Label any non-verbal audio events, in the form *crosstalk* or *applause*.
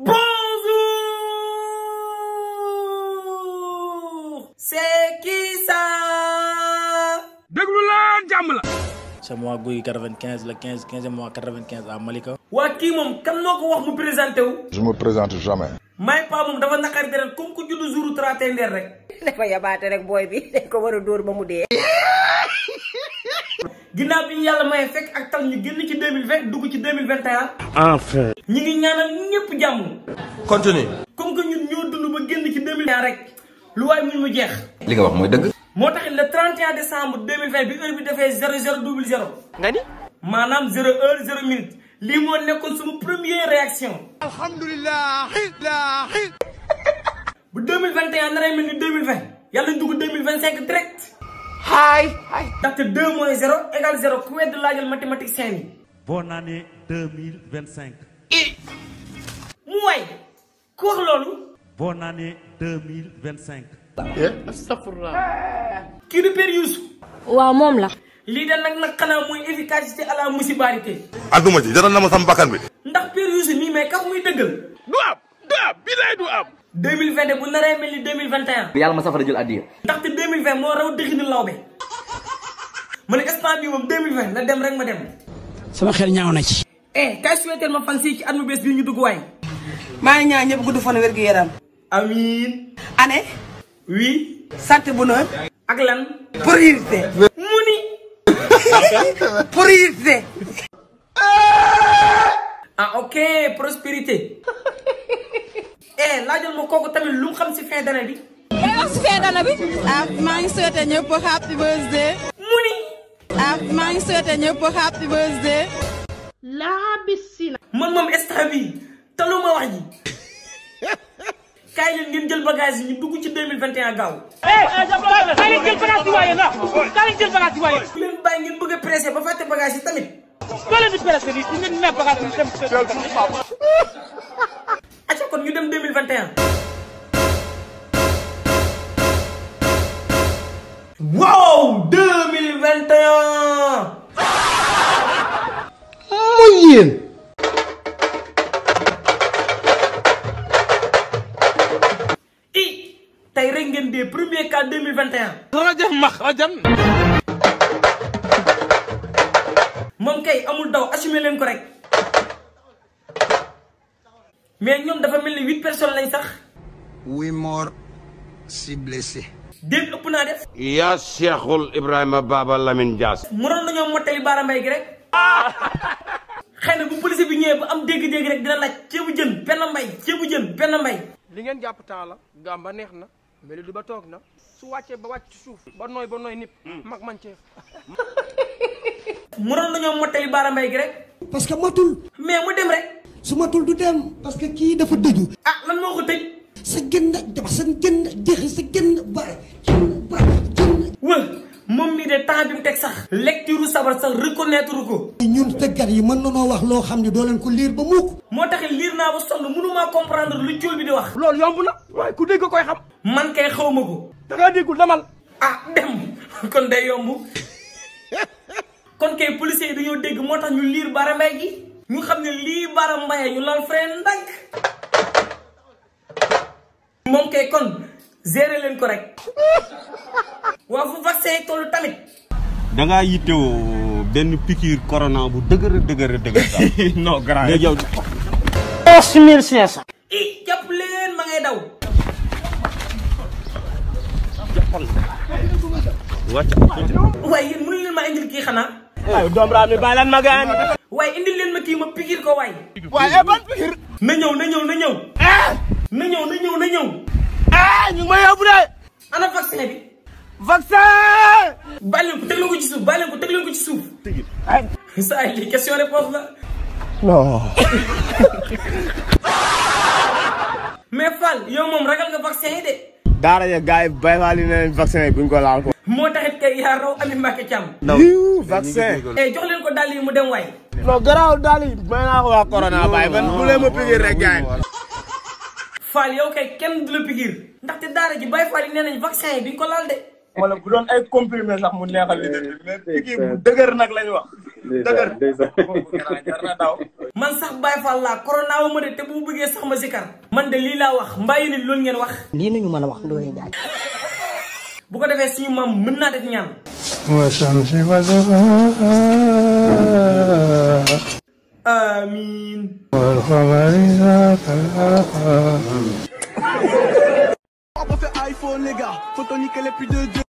Bonjour C'est qui ça déglu leen là. la moi guy 95 le 15 15e mois 95 à Malika waa kii moom kan moo ko wax mu présenté je me présente jamais Mais pas mon, dafa la deret comme ku juddu jouru 31 rek dafa *laughs* yabaate rek booy bi dañ *laughs* ko war a dóor ba mu dee ginnaaw bi ñu yàlla maye fekk ak tal ñu génn ci deux mille dugg ci deux mille vingt et un. enfin. ñu ngi ñaanal ñëpp jàmm. continue. comme que ñun ñoo dund ba génn ci deux mille rek lu waay ñu mu jeex. li nga wax mooy dëgg. moo tax le 31 décembre 2020 bi heure bi defee 0000. nga ni. maanaam 0 heure 0 minute. lii moo nekkoon sama première réaction. alhamdulilah. *laughs* bu 2021 naree mel ni 2020 yàlla ñu dugg 2025 direct. xaay xaay ndaxte deux moins zéro égale zéro ku wedd laajal mathématicien yi bonne année deux mille vingt cinq i mu waay ku wax loolu bonne année deux mille vingt cinq eh, astafurlah kii di Père Youssou waaw moom la lii de nag nag xanaa mooy efficacité à la musibarité àdduma ci jaral na ma sam bakkan bi ndax Père Youssou nii mais kax muy dëggal du am du am bi lay du am deux mille vingt bu naree mel ni deux mille vingt et un yàlla ma safara jël addiya ndaxte 2020 mo raw dëgg ni lawbe ma ne instant bi mom 2020 la dem rek ma dem. sama xel ñaaw na ci. eh kay souhaiter ma fan si ci at bes bi ñu dugg way ma ngi ñaan ñëpp gudd fan wér gu yaram. amin ané oui. santé bonheur. ak lan. priorité. mu ni. *laughs* priorité. ah ok prospérité. *laughs* eh jël mo koku tamit lu mu xam si fin d'année bi. wax ah, maa ngi souhaité ñëpp happy birthday. mu ni. ah maa ngi souhaité ñëpp happy birthday. laa bisi la. man moom instant bii taluma wax ji. kaay leen ngeen jël bagage yi ñu dugg ci 2021 gaaw. Eh, eh, kaay leen jël bagage yi waaye yi waaye. leen ngeen bëgg a pressé ba fàtte bagage yi tamit. doo leen di si ngeen ne bagage yi dem. acca kon ñu dem 2021. wow 2021 Muy bien i tey rek ngeen premier cas 2021 rajam max rajam moom kay amul daw assumé leen ko mais ñoom dafa personnes lañ sax dem ëpp na def ya cheikhul ibrahima baba lamine dias mënoon nañoo motali baara mbay gi rek *laughs* xena bu police bi ñëw bu am dégg-dégg rek dina ci bu jën ben mbay bu jën ben mbay li ngeen japp ta la gamba neex na meli du ba tok na su wacce ba wacc suuf ba noy ba noy nip hmm. mag man ceef *laughs* mënoon nañoo motali baara mbay gi rek parce que matul mais mu dem rek su matul du dem parce que ki dafa deju ah lan moko tej segenda dama segenda jeexi segenda bare wël moom mi de temps bi mu teg sax lecture sabar sax reconnaître ko ñun tëggat yi mën na noo wax loo xam ne doo leen ko liir ba mukk moo taxit liir naa ba sonn mënumaa comprendre lu jóol bi di wax loolu yomb na waaye ku dégg koy xam man kay xaw ma ko da ngaa déggul demal ah dem *laughs* kon day yomb *laughs* kon kay policiers dañoo dégg moo tax ñu liir bara mbay gi ñu xam ne lii bara mbaye ñu lal frein ndànk mom kay kon gérer len ko rek wa fu vaccin toll tamit. da ngaa yittewoo ben piqûre corona bu dëgër dëgër dëgër. *laughs* non grand léegi yow. 3500. Eh, i jàpp len ma ngay daw. waaye yéen mënu len ma indil ki xana ay dom raam mi bàyyi ma gaan. way indil len ma ki ma piqûre ko way way e eh, ban piqûre. na ñew na ñew na ñew eh! na ñëw na ñëw eh, ñu may yóbbu de. ana vaccin bi. vaccin. bàyyi leen ko teg leen ko ci suuf bàyyi leen ko teg question réponse la. non. *laughs* mais Fall yow moom ragal nga vaccin yi de. daara ya gars yi bay ne vaccin yi buñ laal ko. moo taxit kay yaa raw Ami Mbacke Thiam. ndaw vaccin. Eh, jox leen ko dàll mu dem waay. non garaaw dàll yi. may naa ko waa corona baay man bu ma piqué rek gars Fall yow kay kenn du la piqûre ndaxte daara ji Baye Fall yi nee nañ vaccin yi duñ ko laal de. wala bu doon ay comprimé sax mu neexal li déglu mais piqûre bu dëgër nag lañ wax. dëgër *laughs* man sax Baye Fall laa corona wu ma de te bu bëggee sax ma si sikar man de lii laa wax mbàyyi ni loolu ngeen wax. lii nañu mën a wax Ndoye Ndiaye. bu ko defee suñu maam mën naa def ñaan. Amin. iPhone les gars, faut les plus de deux.